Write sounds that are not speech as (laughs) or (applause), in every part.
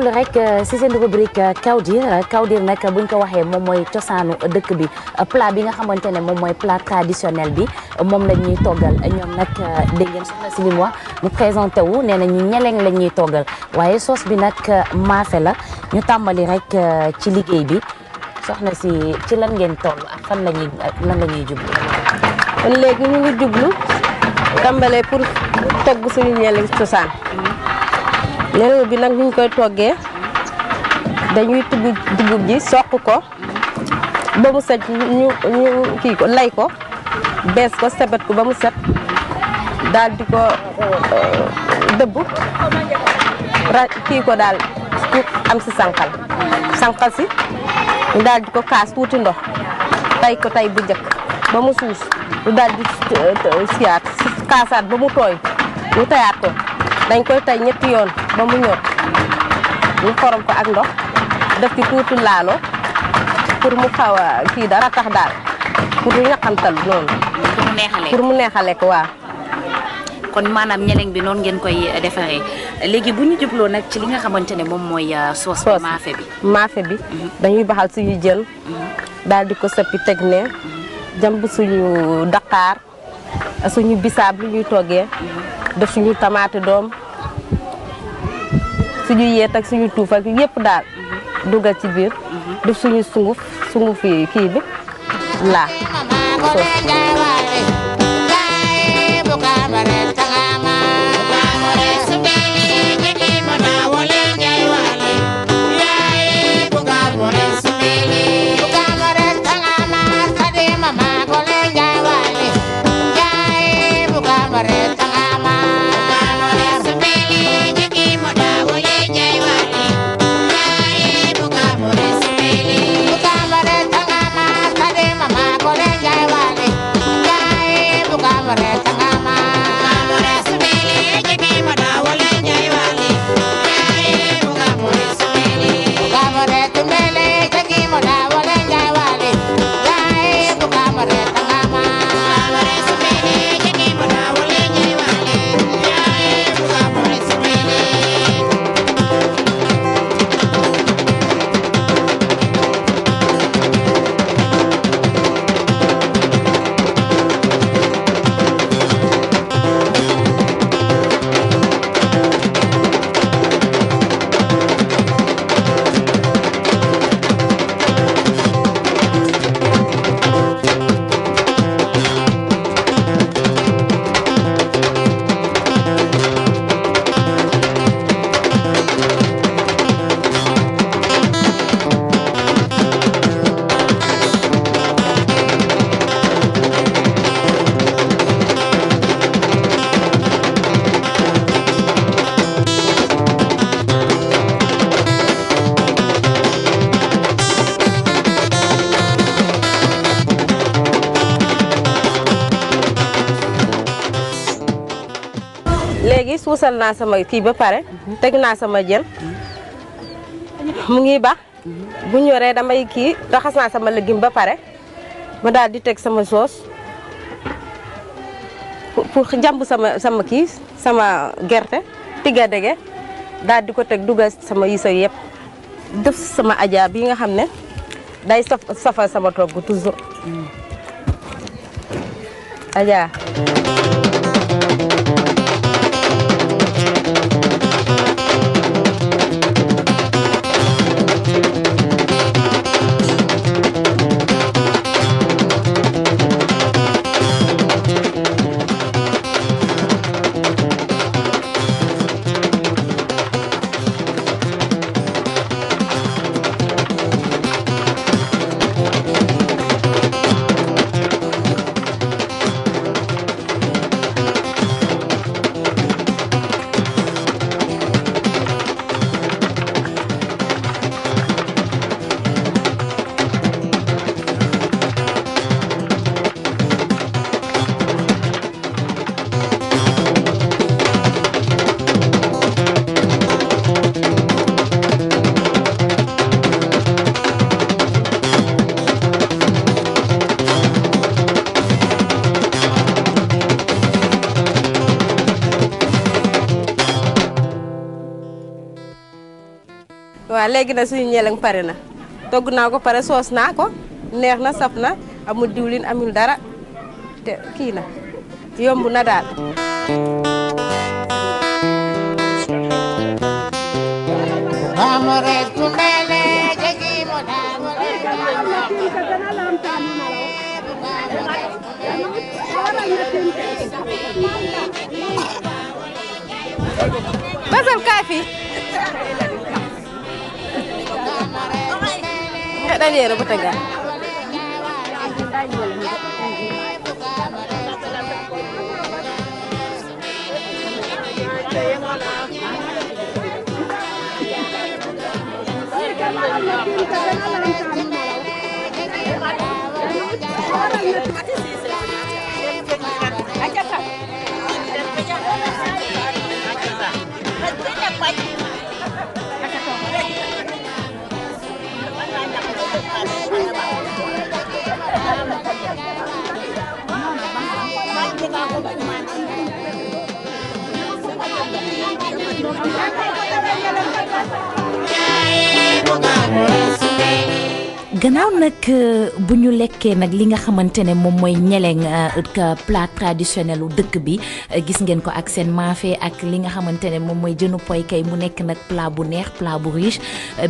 ñëw la rek euh, si seen rubrique euh, kawdir euh, kawdir nag buñ waxee moom mooy cosaanu dëkk bi plat bi nga xamante ne moom mooy plat traditionnel bi moom la ñuy toggal ñoom nag dégg ngeen soxna si li mu wax mu présenté nee na ñu la ñuy toggal waaye soos bi nag maafe la ñu tàmbali rek ci liggéey bi soxna si ci lan ngeen toll ak fan la ñuy lan la ñuy jublu kon léegi jublu tàmbalee pour togg suñu ñeleng cosaan mhm. léeg bi nag niñ koy toggee dañuy tugg dugub ji soq ko ba mu set ñu ñu kii ko lay ko bees ko sebet ko ba mu set daldi di ko euh, dëbb ra kii ko daal am si sànqal sànqal si ñu daal di ko kaas tuuti ndox tay ko tay bu njëkk ba mu suus ñu daal euh, siyaat kaasaat ba mu tooy ñu tayaat ko dañ koy tay ñetti yoon ba mu ñor ñu xorom ko ak ndox def ci tuuti laalo pour mu xaw a kii dara tax daal pour ñu ñaqantal noonu. pour mu neexalee ko waa kon maanaam ñeleng bi noonu ngeen koy defaree léegi bu ñu jubloo nag ci li nga xamante ne moom mooy euh, sauce bi maafe bi mhm. dañuy baxal suñu jën mhm. daal di ko sëppi teg ne mhm. jàmb suñu daqaar suñu bisaab li ñuy toggee def suñu tamaate doom suñu yeet ak suñu tuuf ak yëpp daal dugal ci biir def suñu sunguf sunguf yi kii bi laa fuusal naa sama kii ba pare teg naa sama jën mu ngi baax bu ñoree damay kii raxas naa sama légume ba pare ma daal di teg sama soos pour jàmb sama sama kii sama gerte tiga dege dal di ko teg dugal sama yiso yépp def sama ajaa bi nga xam ne day saf sama togg ajaa waaw léegi nag suñu ñeleng pare na togg naa ko pare soos naa ko neex na saf na amul diwlin amul dara te kii na yomb na daal. തലയേറെ പൊട്ടങ്ക Thank you. gannaaw nag euh, bu ñu lekkee nag li nga xamante ne moom mooy ñeleng euh, euh, plat traditionnel u dëkk bi gis ngeen ko ak seen maafe ak li nga xamante ne moom mooy jënu poy kay mu nekk nag plat bu neex plat bu riche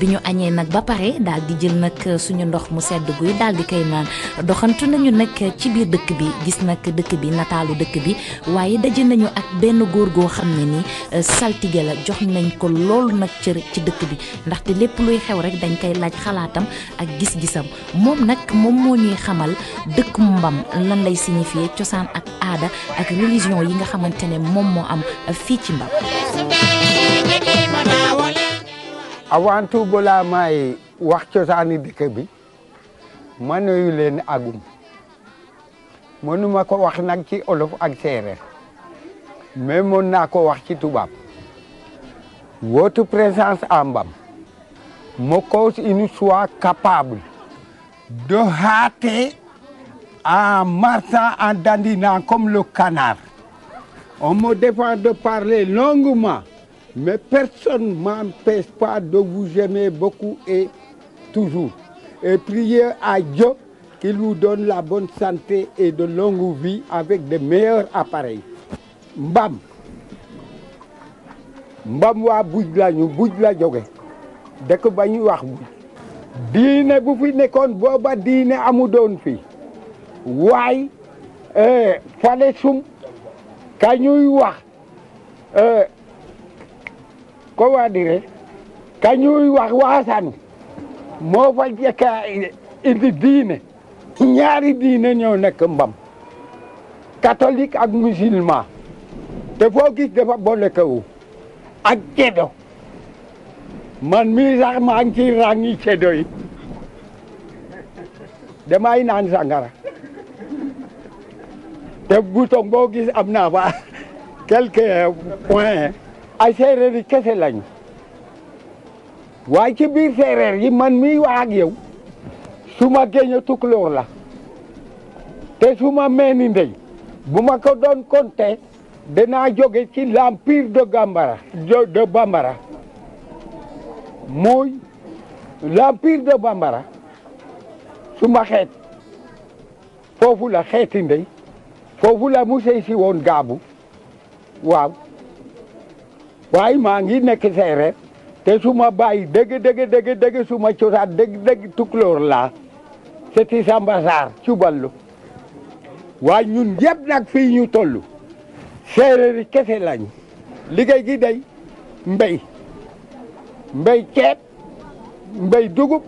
bi ñu añee nag ba pare daal di jël nag suñu ndox mu sedd guy daal di koy naan doxantu nañu nag ci biir dëkk bi gis nag dëkk bi nataalu dëkk bi waaye daje nañu ak benn góor goo xam ne ni saltige la jox nañ ko loolu nag cër ci dëkk bi ndaxte lépp luy xew rek dañ koy laaj xalaatam gis-gisam moom nag moom moo ñuy xamal dëkk mbam lan lay signifier cosaan ak aada ak religion yi nga xamante ne moom moo am fii ci mbam avant tout may wax cosaani dëkk bi ma nuyu leen agum mënuma ko wax nag ci olof ak séeréer mais mën naa ko wax ci tubaab votre présence a Mbam Mokos Inu soit capable de hâter en marchant en dandinant comme le canard. On de parler longuement, mais personne ne m'empêche pas de vous aimer beaucoup et toujours. Et prier à Dieu qu'il la bonne santé et de longues vies avec de meilleurs appareils. Mbam. Mbam waa buj la ñu buj la jóge dëkk ba ñuy wax diine bu fi nekkoon booba diine amu doon fi waay eh, fale sum ka ñuy wax comment eh, dire ka ñuy wax waxasaan moo fa jëkk a indi diine ñaari diine ñoo nekk mbam catholique ak musulman te foo gis dafa boole kaw ak cedo man mii sax maa ngi ciy ràññi ceddo yi naan sangara te bouton boo gis am naa fa quelques points ay séeréer yi kese lañu waaye ci biir séeréer yi man mi wax ak yow su ma tukulóor la te su meeni ndey bu ma ko doon compter danaa jóge ci l'empire de Gambara de Bambara mooy l'empire de Bambara suma xeet foofu xeeti ndey foofu mu musey si woon gaabu waaw waaye maa ngi nekk seereer te suma baay dëgg dëgg dëgg dëgg suma cosaan dëgg dëgg tukulóor laa seti Samba Sarr cuballu waaye ñun yëpp nag fii ñu toll seereer yi kese lañ liggéey gi day mbéy mbéy ceeb mbéy dugub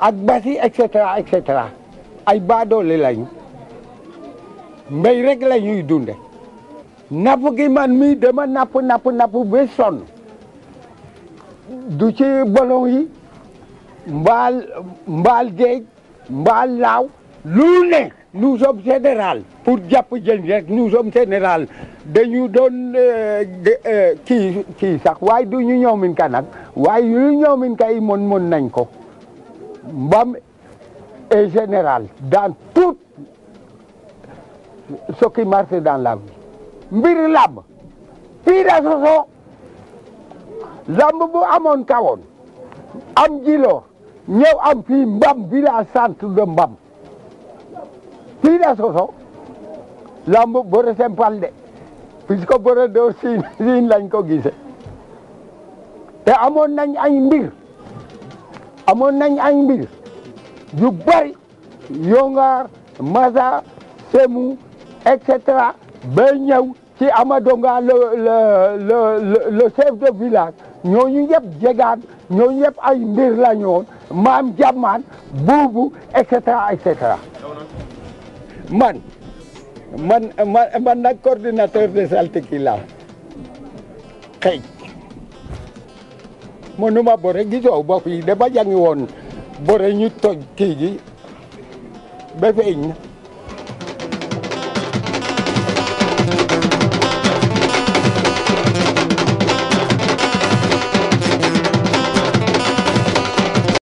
ak basi et cetera et cetera ay baadoole lañu mbéy rekk la ñuy dunde napp gi mi mii dama napp napp napp ba sonn du ci bolon yi mbaal mbaal géej mbaal laaw lu nous sommes général pour jàpp jën rek nous sommes général dañu doon euh, euh, kii kii sax waaye du ñu ñoomin ka nag waaye yu ñoomin ka yi mën nañ ko Mbam est général dans tout ce qui marche dans la vie mbir làmb fii da soso làmb bu amoon kawoon am jiloo ñëw am fii Mbam village centre de Mbam fiiɗa soso lambo boreten palɗe puisque borodo sin (laughs) sin lañ ko gise te amoon nañ ay mbir amoon nañ ay mbir ju bari yongar masa semu et cetera ba ñëw ci Amadonga le le le chef de village ñooñu yëpp jegaan ñooñu yëpp ay mbir la ñoon maam jamaan buubu et cetera et cetera man man man nag coordinateur de saltiki la xëy mënuma bore gisoo bopp yi dama jàngi woon bore ñu toj kii gi ba